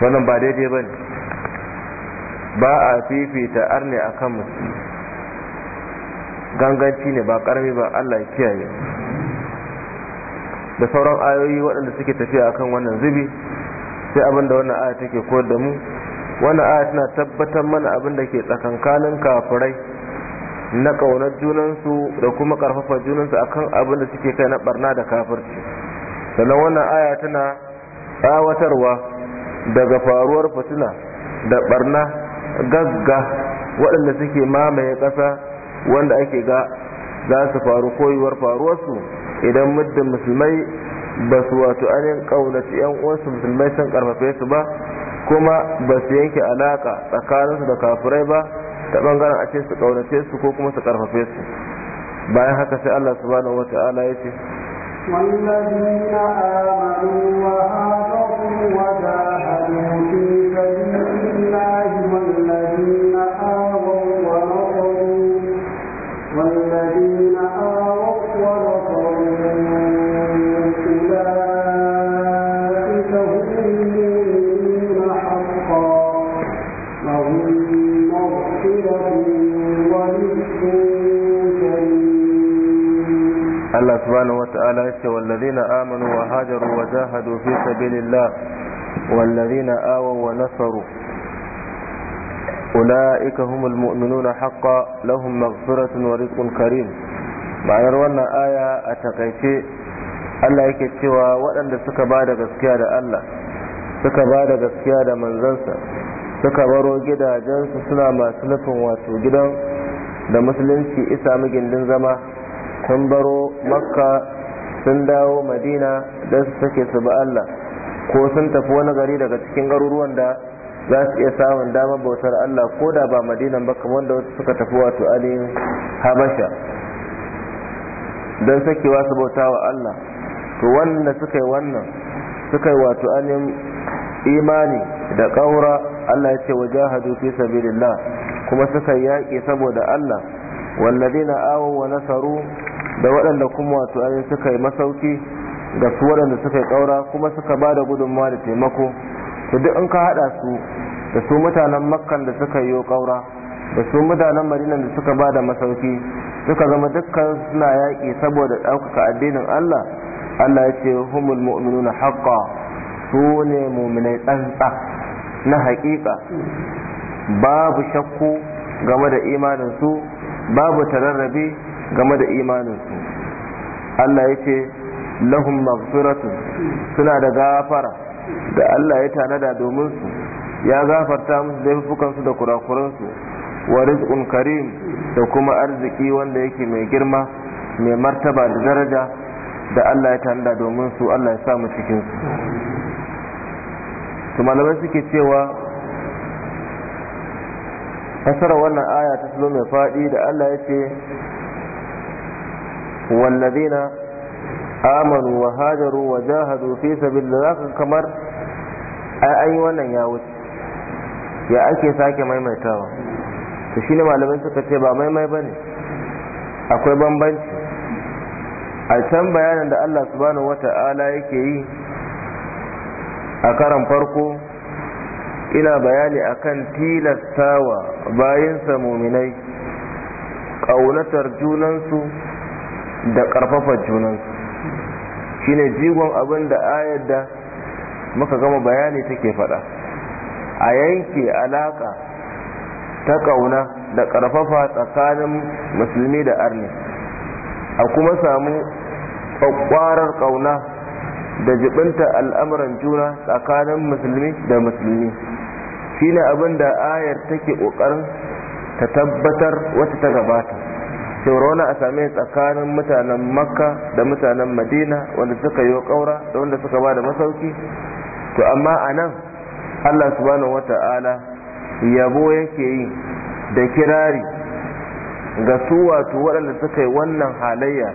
wannan ba daidai bane ba a fifita arne akan mutum ganganci ne ba karami ba Allah ya kiyaye da sauran ayoyi waɗanda suke tafiya akan wannan zubi sai abin da wannan aya take koyar da mu wannan aya tana tabbatar mana abin da ke tsakankanin kafirai na ƙaunar junansu da kuma ƙarfafa junansu akan abin da suke kai na barna da kafirci sannan wannan aya tana tsawatarwa daga faruwar fitina da barna gagga waɗanda suke mamaye ƙasa wanda ake ga za su faru koyuwar faruwarsu idan muddin musulmai ba su wato anin kaunaci yan uwansu musulmai sun karfafe su ba kuma ba su yanke alaka tsakaninsu da kafirai ba ta ɓangaren a ce su ƙaunace su ko kuma su karfafe su bayan haka sai Allah subhanahu wata'ala ya ce والذين آمنوا وهاجروا وجاهدوا في سبيل الله Allah subhanahu wata'ala ya ce wallazina amanu wa hajaru wa jahadu fi sabilillah wallazina awaw wa nasaru أولئك هم المؤمنون حقا لهم مغفرة ورزق كريم ma'anar wannan aya a takaice Allah yake cewa waɗanda suka ba da gaskiya da Allah suka ba da gaskiya da manzansa suka baro gidajensu suna masu nufin wato gidan da musulunci isa mugindin zama sun baro makka sun dawo madina don su sake su ba Allah ko sun tafi wani gari daga cikin garuruwan da za su iya samun damar bautar Allah ko da ba madina ba kamar da wasu suka tafi wato alin habasha don sakewa su bauta wa Allah to wanda suka yi wannan suka yi wato alin imani da ƙaura Allah ya ce wajahadu fi sabilillah kuma suka yaƙi saboda Allah والذين wa nasaru? da waɗanda kuma wato ainihin suka yi masauki da su waɗanda suka yi ƙaura kuma suka ba da gudunmawa da taimako to duk in ka haɗa su da su mutanen makkan da suka yi ƙaura da su mutanen madinan da suka ba da masauki suka zama dukkan suna yaƙi saboda ɗaukaka addinin allah allah ya ce humul mu'minuna haqqa su ne muminai tsantsa na haƙiƙa babu shakku game da imanin su babu tararrabe game da imaninsu Allah ya ce lahum maghfiratun suna da gafara da Allah ya tanada domin su ya gafarta musu laifukansu da kurakuransu wa rizqun karim da kuma arziki wanda yake mai girma mai martaba da daraja da Allah ya tanada domin su Allah ya sa mu cikin su to malamai suke cewa fasara wannan aya ta salo mai faɗi da Allah ya ce والذين آمنوا وهاجروا وجاهدوا في سبيل الله kamar ai wannan ya wuce ya ake sake maimaitawa to ne malamai suka ce ba maimai bane akwai bambanci a can bayanin da Allah subhanahu wata'ala yake yi a karan farko ina bayani akan tilastawa bayansa muminai ƙaunatar junansu da ƙarfafa junansu ne jigon abin da ayar da muka gama bayani take faɗa a yanke alaƙa ta ƙauna da ƙarfafa tsakanin musulmi da arni a kuma samu ƙwaƙwarar ƙauna da jibinta al'amuran juna tsakanin musulmi da musulmi shi ne abin da ayar take ƙoƙarin ta tabbatar wata ta gabata shawarwala a same tsakanin mutanen makka da mutanen madina wanda suka yi kaura da wanda suka ba da masauki to amma a nan allah subhanahu wata'ala yabo yake yi da kirari ga su wato waɗanda suka yi wannan halayya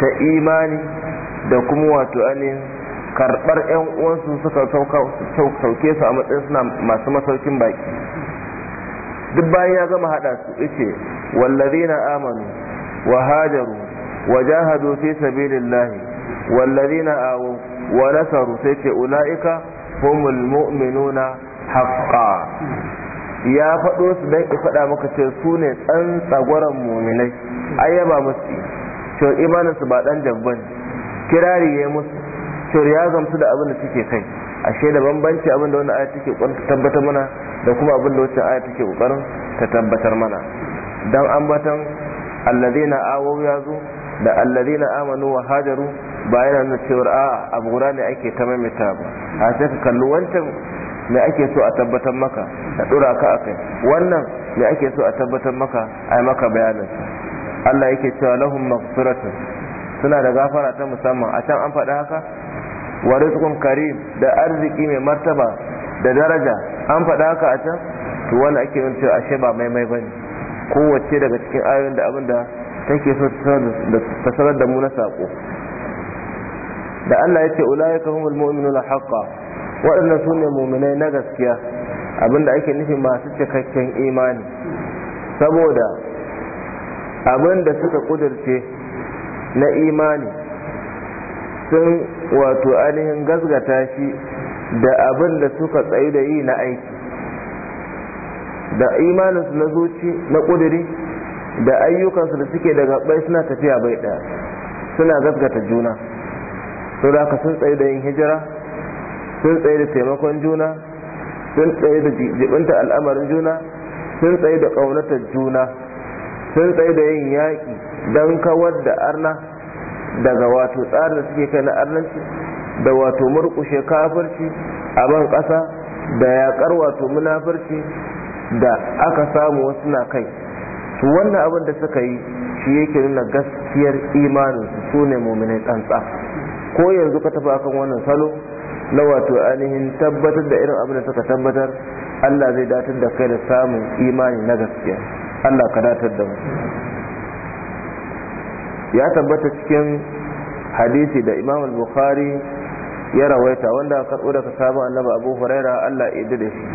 ta imani da kuma wato ainihin karɓar 'yan uwansu suka sauke su a matsayin suna masu masaukin baki duk bayan ya gama hada su yace wallazina amanu wa hajaru wa jahadu fi sabilillah na awu wa nasaru sai ce ulaika humul mu'minuna haqqan ya faɗo su dan ki faɗa maka ce su ne tsan tsagwaran muminai ayyaba musu imanin imaninsu ba ɗan jabban kirari ya musu to ya gamsu da abin da suke kai ashe da bambanci abin da wannan aya take kwanta tabbatar mana da kuma abin da wacce aya take kokarin ta tabbatar mana dan ambatan alladhina awaw yazu da alladhina amanu wa hajaru ba yana nuna cewa a abu guda ne ake ta maimaita ba a sai ka kalli wancan me ake so a tabbatar maka da dora ka akai wannan me ake so a tabbatar maka ai maka bayanin Allah yake cewa lahum maghfiratun suna da gafara ta musamman a can an faɗi haka wa rizqun karim da arziki mai martaba da daraja an faɗa haka a can to wani ake yin cewa ashe ba mai ba ne kowace daga cikin ayoyin da abin da take so ta sanar da mu na sako da Allah ya ce ka humul mu'minuna haqqan waɗannan su ne mu'minai na gaskiya abinda ake nufi masu cikakken imani saboda abinda suka kudirce na imani sun wato ainihin gasgata shi da abin da suka tsayi da yi na aiki da imaninsu na zuci na ƙuduri da ayyukansu da suke da bai suna tafiya bai ɗaya suna gasgata juna sau da haka sun tsaye da yin hijira sun tsaye da taimakon juna sun tsaye da jibinta al'amarin juna sun tsaye da ƙaunatar juna sun tsaye da yin yaƙi don kawar da arna daga wato tsarin da suke kai na arnanci da wato murkushe kafirci a ban ƙasa da yaƙar wato munafirci da aka samu wasu na kai to wannan abin da suka yi shi yake nuna gaskiyar imaninsu su ne muminai tsantsa ko yanzu ka tafi akan wannan salo na wato ainihin tabbatar da irin abin da suka tabbatar Allah zai datar da kai da samun imani na gaskiya Allah ka datar da mu ya tabbata cikin hadisi da Imam al-Bukhari ya rawaita wanda ka karɓo daga sabon annabi abu huraira allah idu da shi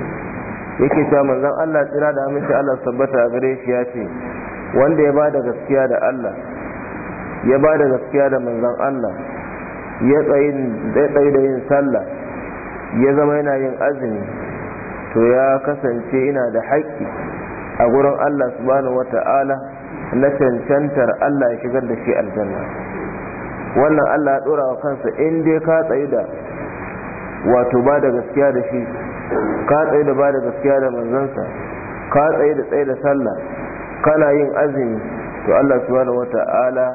yake cewa manzon allah tsira da aminci allah sabbata a gare shi ya ce wanda ya bada gaskiya da allah ya bada gaskiya da manzon allah ya tsayi da yin sallah ya zama yana yin azumi to ya kasance ina da haƙƙi a gurin allah subhanahu wata'ala na cancantar allah ya shigar da shi aljanna wannan Allah ya dora wa kansa in dai ka tsaye da wato ba da gaskiya da shi ka tsaye da ba da gaskiya da manzansa ka tsaye da tsayi da sallah kana yin azumi to Allah subhanahu wata'ala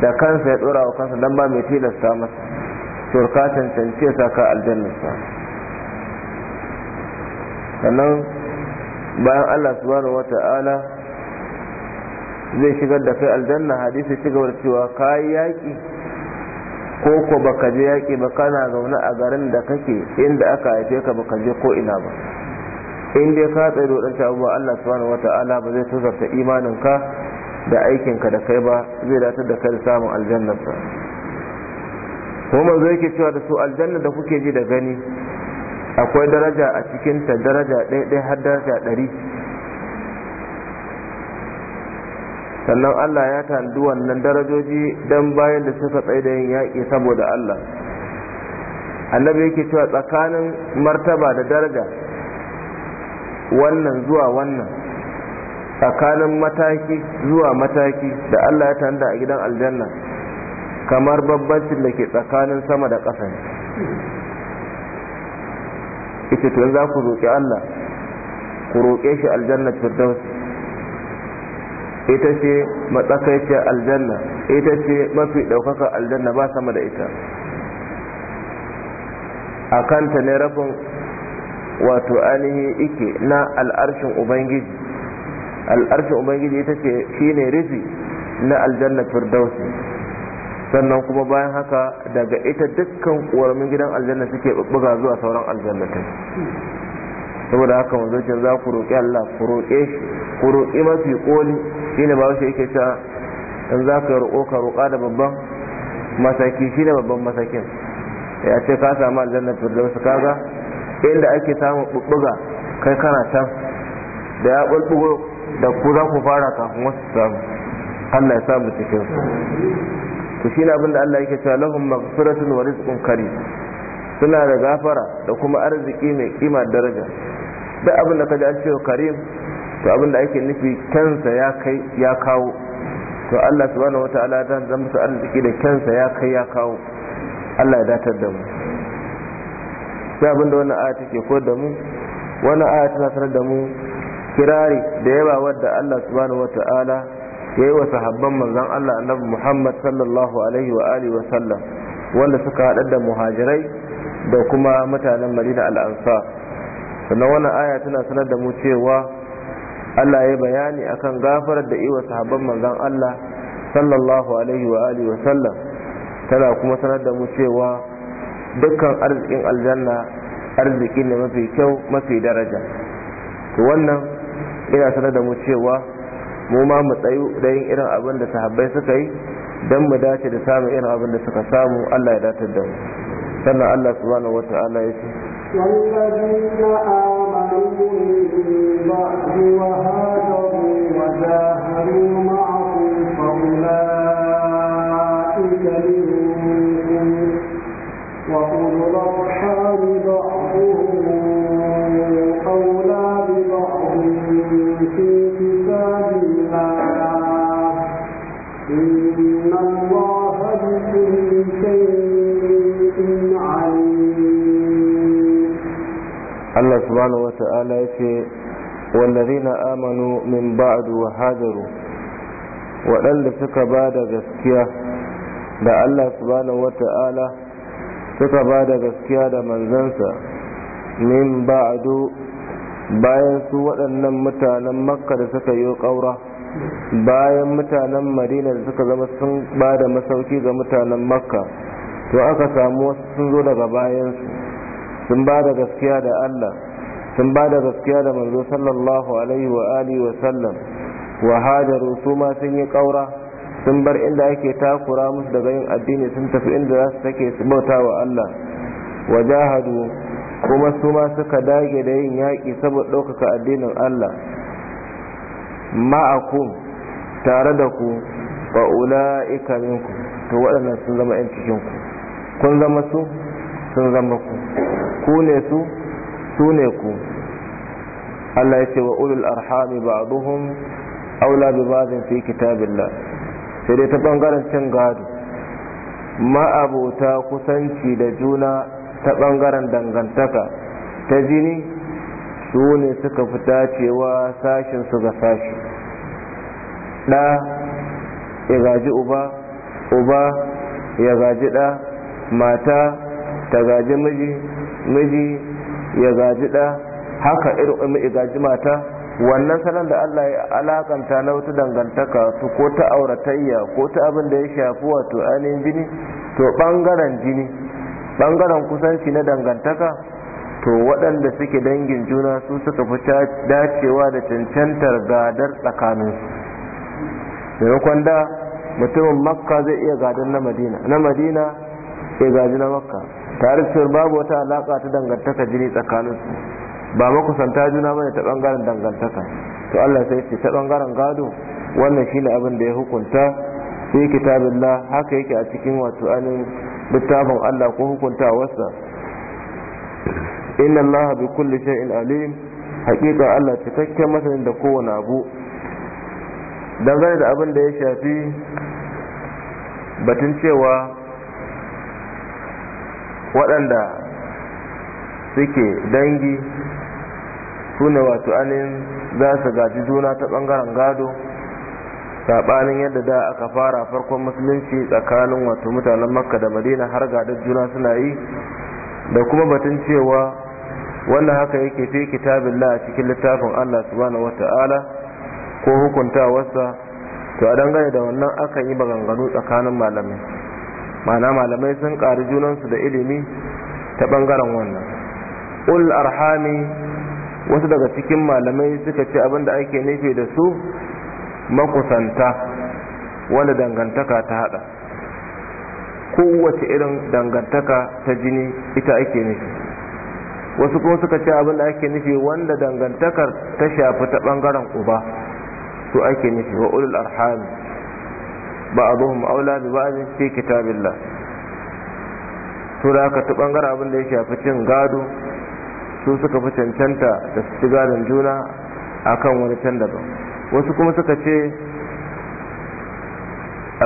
da kansa ya dora wa kansa dan ba mai tilasta masa to ka tantance sa ka sa sannan bayan Allah subhanahu wata'ala zai shigar da kai aljanna hadisi cigaba da cewa kayi yaki ko ko baka je yaƙi ba kana zaune a garin da kake inda aka haife ka baka je ko ina ba in dai ka tsaye da abubuwa Allah subhanahu wata'ala ba zai tuzarta imanin ka da aikin ka da kai ba zai datar da kai da samun aljannar ba. kuma manzo yake cewa da su aljanna da kuke ji da gani akwai daraja a cikin ta daraja ɗaya ɗaya har daraja ɗari sannan Allah ya tandu wannan darajoji don bayan da suka tsaye da yin yaƙi saboda Allah annabi yake cewa tsakanin martaba da daraja wannan zuwa wannan tsakanin mataki zuwa mataki da Allah ya tanda a gidan aljanna kamar babbancin da ke tsakanin sama da ƙasa ita to za ku roƙi Allah ku roƙe shi aljanna firdaus ita ce matsakaiciyar aljanna ita ce mafi ɗaukaka aljanna ba sama da ita a kanta ne rafin wato ainihi ike na al'arshin ubangiji al'arshin ubangiji ita ce shi ne rufi na aljanna firdausi sannan kuma bayan haka daga ita dukkan ƙoramin gidan aljanna suke buga zuwa sauran aljannatin saboda haka wanzu za ku roƙi Allah ku roƙe shi ku roƙi mafi ƙoli shine ba wasu yake cewa in za ka roƙo ka roƙa da babban mataki shine babban matakin ya ce ka samu aljanna firdausu kaga inda ake samun bubbuga kai kana can da ya bulbugo da ku za ku fara kafin wasu samu Allah ya samu cikin ku shine abin da Allah yake cewa lahum maghfiratun wa rizqun karim suna da gafara da kuma arziki mai kima daraja duk abin da ji an ce karim to abin da ake nufi kansa ya kai ya kawo to Allah subhanahu wata'ala dan zan musu arziki da kansa ya kai ya kawo Allah ya datar da mu sai abin da wannan aya take ko da mu wannan aya tana sanar da mu kirari da yaba wadda Allah subhanahu wata'ala ya yi wa sahabban manzon Allah annabi Muhammad sallallahu alaihi wa alihi wa sallam wanda suka haɗa da muhajirai da kuma mutanen Madina al-Ansar sannan wannan aya tana sanar da mu cewa Allah ya bayani akan gafarar da iwa sahabban manzon Allah sallallahu alaihi wa alihi wa sallam tana kuma sanar da mu cewa dukkan arzikin aljanna arziki ne mafi kyau mafi daraja to wannan ina sanar da mu cewa mu ma mu tsayu da yin irin abin da sahabbai suka yi dan mu dace da samun irin abin da suka samu Allah ya datar da mu sannan Allah subhanahu wata'ala ya ce وهاجروا وجاهدوا معكم Allah subhanahu wa ta'ala ya ce wallazina amanu min ba'du wa hajaru waɗanda suka ba da gaskiya da Allah subhanahu wa ta'ala suka ba da gaskiya da manzansa min ba'du bayan su waɗannan mutanen makka da suka yi ƙaura bayan mutanen madina da suka zama sun ba da masauki ga mutanen makka to aka samu wasu sun zo daga bayansu sun ba da gaskiya da Allah sun ba da gaskiya da manzo sallallahu alaihi wa alihi wa sallam wa hajaru su ma sun yi kaura sun bar inda ake takura musu daga yin addini sun tafi inda za su take su bauta wa Allah wa jahadu kuma su ma suka dage da yin yaki saboda ɗaukaka addinin Allah ma'akum tare da ku wa ula'ika minku to waɗannan sun zama 'yan cikinku kun zama su sun zama ku ku ne su su ne ku Allah ya ce wa ulul arhami ba'duhum aula bi ba'din fi kitabillah sai dai ta bangaren cin gado ma'abota kusanci da juna ta bangaren dangantaka ta jini su ne suka fita cewa sashin su ga sashi ɗa ya gaji uba uba ya gaji ɗa mata ta gaji miji miji ya gaji da haka irin ya gaji mata wannan salon da Allah ya alakanta na wata dangantaka su ko ta auratayya ko ta abin da ya shafi wato ainihin jini to bangaren jini ɓangaren kusanci na dangantaka to waɗanda suke dangin juna su suka fi dacewa da cancantar gadar tsakaninsu maimakon da mutumin makka zai iya gadon na madina na madina ya gaji na makka tare da cewar babu wata alaƙa ta dangantaka jini tsakanin su ba makusanta juna bane ta bangaren dangantaka to Allah sai ce ta bangaren gado wannan shine abin da ya hukunta sai kitabillah haka yake a cikin wato anin littafin Allah ko hukunta wasa inna Allah bi kulli shay'in alim hakika Allah cikakken masanin da kowane abu dangane da abin da ya shafi batun cewa waɗanda suke dangi su ne wato anin za su gaji juna ta ɓangaren gado saɓanin yadda da aka fara farkon musulunci tsakanin wato mutanen makka da madina har gadar juna suna yi da kuma batun cewa wannan haka yake fi kitabin la a cikin littafin allah subhanahu wata'ala ko hukuntawarsa to a dangane da wannan akan yi maganganu tsakanin malamai ma'ana malamai sun ƙari junansu da ilimi ta ɓangaren wannan ul arhami wasu daga cikin malamai suka ce abin da ake nufi da su makusanta wanda dangantaka ta haɗa kowace irin dangantaka ta jini ita ake nufi wasu kuma suka ce abin ake nufi wanda dangantakar ta shafi ta ɓangaren uba su ake nufi wa ulul arhami ba'dhum aula bi ba'd fi kitabillah to da aka ta bangaren abin da ya shafi cin gado su suka fi cancanta da su ci gadon juna akan wani can daban wasu kuma suka ce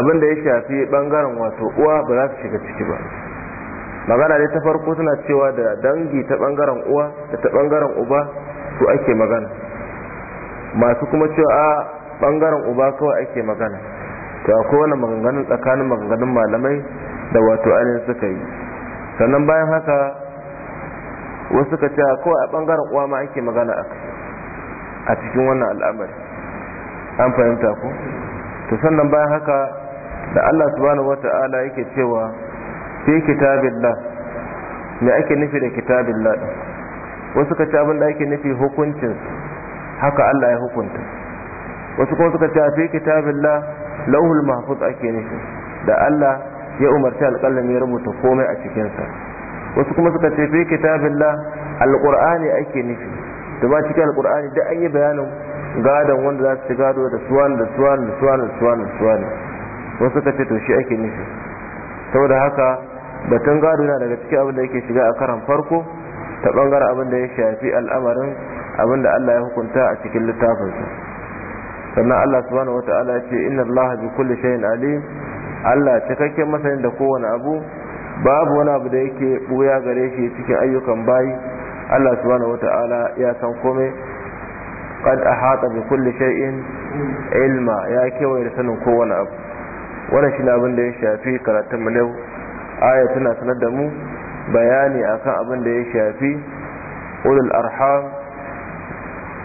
abin da ya shafi bangaren wato uwa ba za su shiga ciki ba magana dai ta farko suna cewa da dangi ta bangaren uwa da ta bangaren uba su ake magana masu kuma cewa a bangaren uba kawai ake magana to akwai wani maganganun tsakanin maganganun malamai da wato ainihin suka yi sannan bayan haka wasu suka ce kawai a bangaren uwa ma ake magana a a cikin wannan al'amari an fahimta ko to sannan bayan haka da Allah subhanahu wata'ala yake cewa fi kitabillah me ake nufi da kitabillah wasu suka ce abin da ake nufi hukuncin haka Allah ya hukunta wasu kuma suka ce fi kitabillah lauhul mahfuz ake nufi da Allah ya umarci alƙalla ya rubuta komai a cikinsa wasu kuma suka ce fi kitabillah alqur'ani ake nufi da ba cikin alqur'ani da an yi bayanin gadon wanda za su ci gado da suwan da suwan da suwan da suwan da suwan wasu suka ce to shi ake nufi saboda haka batun gado yana daga cikin abin da yake shiga a karan farko ta bangaren abin da ya shafi al'amarin abin da Allah ya hukunta a cikin littafinsa sannan Allah subhanahu wata'ala ce inna Allah bi kulli shay'in alim Allah cikakken masanin da kowane abu babu wani abu da yake buya gare shi cikin ayyukan bai. Allah subhanahu wata'ala ya san komai qad ahata bi kulli shay'in ilma ya kewaye da sanin kowane abu wannan ne abin da ya shafi karatun mu yau aya tana sanar da mu bayani akan abin da ya shafi ulul arham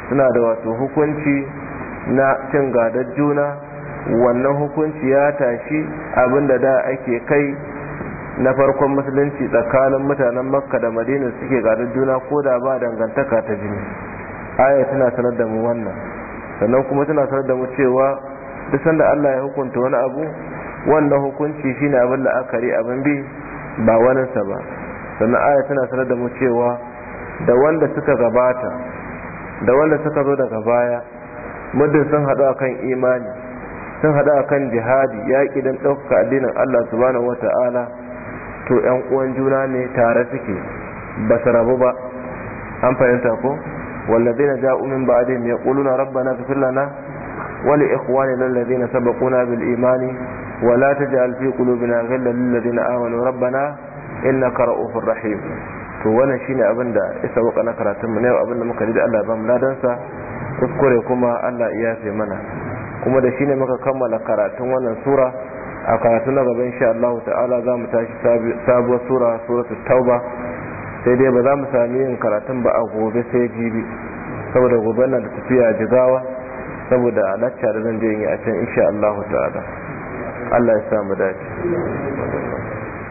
suna da wato hukunci na cin gadar juna wannan hukunci ya tashi abinda da ake kai na farkon musulunci tsakanin mutanen makka da madina suke gadar juna ko da ba dangantaka ta jini aya tana sanar da mu wannan sannan kuma tana sanar da mu cewa duk sanda Allah ya hukunta wani abu wannan hukunci shine abin la'akari abin bi ba waninsa ba sannan aya tana sanar da mu cewa da wanda suka gabata da wanda suka zo daga baya muddin sun haɗu kan imani sun haɗu kan jihadi yaƙi don ɗaukaka addinin Allah subhanahu wata'ala to ƴan uwan juna ne tare suke ba su rabu ba an fahimta ko والذين جاءوا من بعدهم يقولون ربنا اغفر لنا ولإخواننا الذين سبقونا بالإيمان ولا تجعل في قلوبنا غلا للذين آمنوا ربنا إنك رؤوف رحيم to wannan shine abinda isa waka na karatun mu ne abinda muka ji da Allah ba mu ladansa kuskure kuma Allah ya yafe mana kuma da shine muka kammala karatun wannan sura a karatu na gaba insha Allah ta'ala za mu tashi sabuwar sura suratul tauba sai dai ba za mu sami yin karatun ba a gobe sai jibi saboda gobe na da tafiya jigawa saboda lacca da zan je yi a can insha Allah ta'ala Allah ya samu mu dace